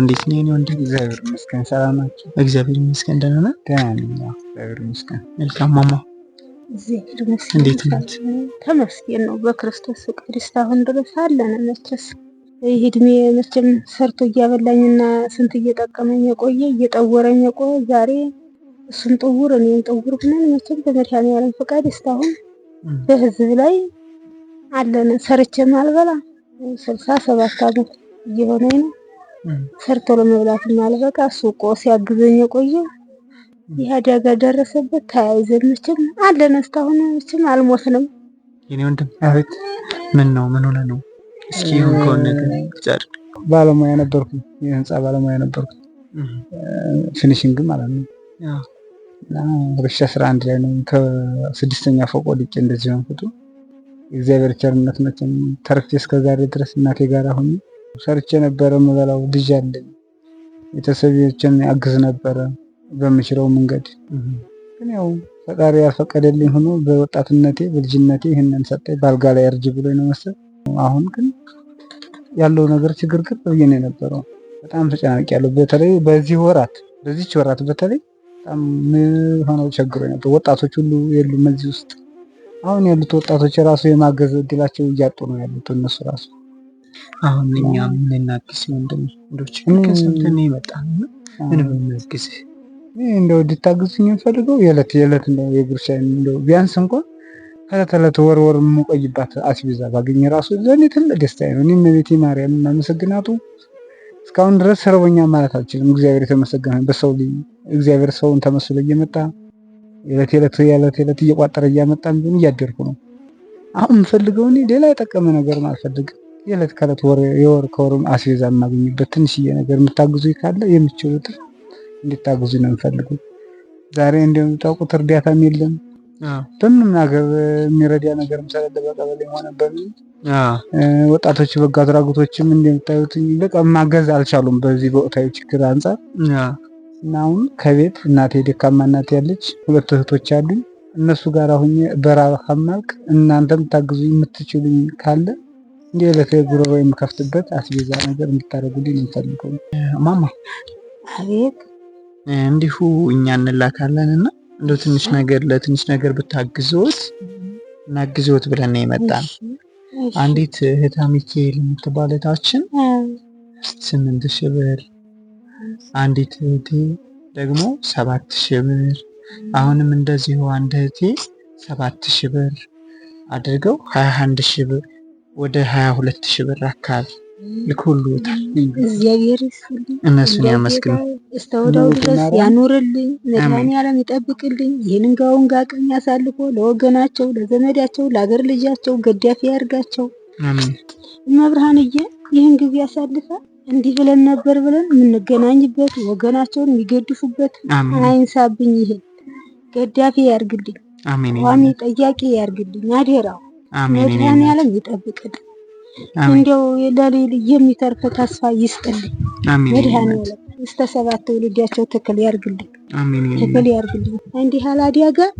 እንዴት ነው የኔ ወንድ? እግዚአብሔር ይመስገን። ሰላም ናቸው? እግዚአብሔር ይመስገን ደህና ነህ? ደህና ነኝ፣ እግዚአብሔር ይመስገን። መልካም ማማ፣ እንዴት ናት? ተመስገን ነው በክርስቶስ ፍቅር እስካሁን ድረስ አለን። መቼስ ይህ እድሜ መቼም ሰርቶ እያበላኝና ስንት እየጠቀመኝ የቆየ እየጠወረኝ የቆየ ዛሬ እሱን ጥውር እኔን ጥውር ሆነን መቼም በመድኃኔዓለም ፍቃድ እስካሁን በህዝብ ላይ አለን። ሰርቼም አልበላ ስልሳ ሰባት ዓመት እየሆነኝ ነው። ሰርቶ ለመብላት አልበቃ ሱቆ ሲያግዘኝ የቆየ ይህ አደጋ ደረሰበት። ተያይዘን መቼም አለን እስካሁን መቼም አልሞትንም። የኔ ወንድም አቤት፣ ምን ነው ምን ሆነ ነው? እስኪ ይሁን ከሆነ ጫር ባለሙያ ነበርኩ፣ የህንፃ ባለሙያ ነበርኩ። ፊኒሽንግ ማለት ነው። ሁለት ሺህ አስራ አንድ ላይ ነው ከስድስተኛ ፎቅ ወድቄ እንደዚህ ሆንኩት። እግዚአብሔር ቸርነት መቼም ተርፌ እስከዛሬ ድረስ እናቴ ጋር ሆኜ ሰርቼ ነበረ የምበላው ልጅ አለኝ። ቤተሰቦቼን አግዝ ነበረ በምችለው መንገድ። ግን ያው ፈጣሪ ያልፈቀደልኝ ሆኖ በወጣትነቴ በልጅነቴ ይህንን ሰጠኝ። ባልጋ ላይ እርጅ ብሎ ነው መሰል። አሁን ግን ያለው ነገር ችግር ግር ብዬ ነው የነበረው። በጣም ተጨናቂ ያለው በተለይ በዚህ ወራት በዚች ወራት በተለይ በጣም ሆነው ቸግሮ ነበር። ወጣቶች ሁሉ የሉም እዚህ ውስጥ አሁን ያሉት ወጣቶች ራሱ የማገዝ እድላቸው እያጡ ነው ያሉት እነሱ ራሱ። አሁን እኛ ምን እናግዝ ወንድሞች ከሰምተን ይመጣ ምን ምናግዝ እንደው እንድታግዙኝ የምፈልገው የዕለት የዕለት እንደው የጉርሻ እንደው ቢያንስ እንኳን ከዕለት ዕለት ወር ወር የምቆይባት አስቤዛ ባገኝ ራሱ ዘኔ ትልቅ ደስታ ነው። እኔ እመቤቴ ማርያም እናመሰግናቱ እስካሁን ድረስ ሰርቦኛ ማለት አልችልም። እግዚአብሔር የተመሰገነ በሰው ልጅ እግዚአብሔር ሰውን ተመስሎ እየመጣ የእለት የለት የዕለት የለት እየቋጠረ እያመጣን ቢሆን እያደርኩ ነው። አሁን የምፈልገው እኔ ሌላ የጠቀመ ነገር አልፈልግም። የእለት ከዕለት የወር ከወር አስቤዛ የማገኝበት ትንሽዬ ነገር የምታግዙ ካለ የምችሉት እንዲታግዙ ነው የምፈልገው። ዛሬ እንደምታውቁት እርዳታም የለም በምንም ነገር የሚረዳ ነገር ስለሌለ በቀበሌ የሆነ በምን ወጣቶች በጎ አድራጎቶችም እንደምታዩት በቃ ማገዝ አልቻሉም። በዚህ በወቅታዊ ችግር አንጻር እና አሁን ከቤት እናቴ ደካማ እናቴ ያለች ሁለት እህቶች አሉኝ። እነሱ ጋር ሁኜ በራብ ከማልቅ እናንተም ታግዙ የምትችሉኝ ካለ እንዲ ዕለት ጉሮሮ የምከፍትበት አስቤዛ ነገር እንድታደርጉልኝ የምፈልገው። ማማ አቤት። እንዲሁ እኛ እንላካለን እና እንደ ትንሽ ነገር ለትንሽ ነገር ብታግዞት እናግዞት ብለን የመጣ ነው። አንዲት እህታ ሚካኤል የምትባል ስምንት ሺህ ብር አንዲት እህቴ ደግሞ ሰባት ሺህ ብር አሁንም እንደዚሁ አንድ እህቴ ሰባት ሺህ ብር አድርገው ሀያ አንድ ሺህ ብር ወደ ሀያ ሁለት ሺህ ብር አካባቢ ልኮልዎታል። እነሱን ያመስግኑ እስተወደው ወዲያው ድረስ ያኑርልኝ፣ መድኃኒዓለም ይጠብቅልኝ። ይህንን ጋውን ጋቅኝ አሳልፎ ለወገናቸው፣ ለዘመዳቸው፣ ለአገር ልጃቸው ገዳፊ ያድርጋቸው። እመብርሃንዬ ይህን ጊዜ ያሳልፋል። እንዲህ ብለን ነበር ብለን የምንገናኝበት ወገናቸውን የሚገድፉበት አይንሳብኝ። ይሄ ገዳፊ ያርግልኝ፣ ቋሚ ጠያቂ ያርግልኝ። አደራው ያለም ይጠብቅልን። እንዲያው ለሌል የሚተርፈ ተስፋ ይስጥልኝ። አሜን። መድኃኔዓለም እስከ ሰባት ትውልዳቸው ትክል ያርግልኝ፣ አሜን። ትክል ያርግልኝ። እንዲህ አላዲያ ጋር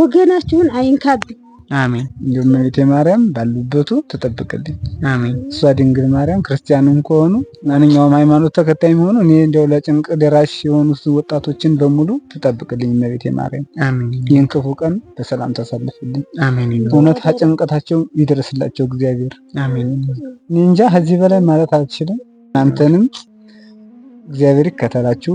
ወገናቸውን አይንካብኝ። አሜን። እንዲሁም እመቤቴ ማርያም ባሉበቱ ተጠብቅልኝ። አሜን። እሷ ድንግል ማርያም ክርስቲያንም ከሆኑ ማንኛውም ሃይማኖት ተከታይ ሆኑ እኔ እንዲያው ለጭንቅ ደራሽ የሆኑ ወጣቶችን በሙሉ ተጠብቅልኝ እመቤቴ ማርያም። አሜን። ይህን ክፉ ቀን በሰላም ታሳልፍልኝ። አሜን። እውነት ጭንቀታቸው ይደርስላቸው እግዚአብሔር። አሜን። እንጃ ከዚህ በላይ ማለት አልችልም። እናንተንም እግዚአብሔር ይከተላችሁ።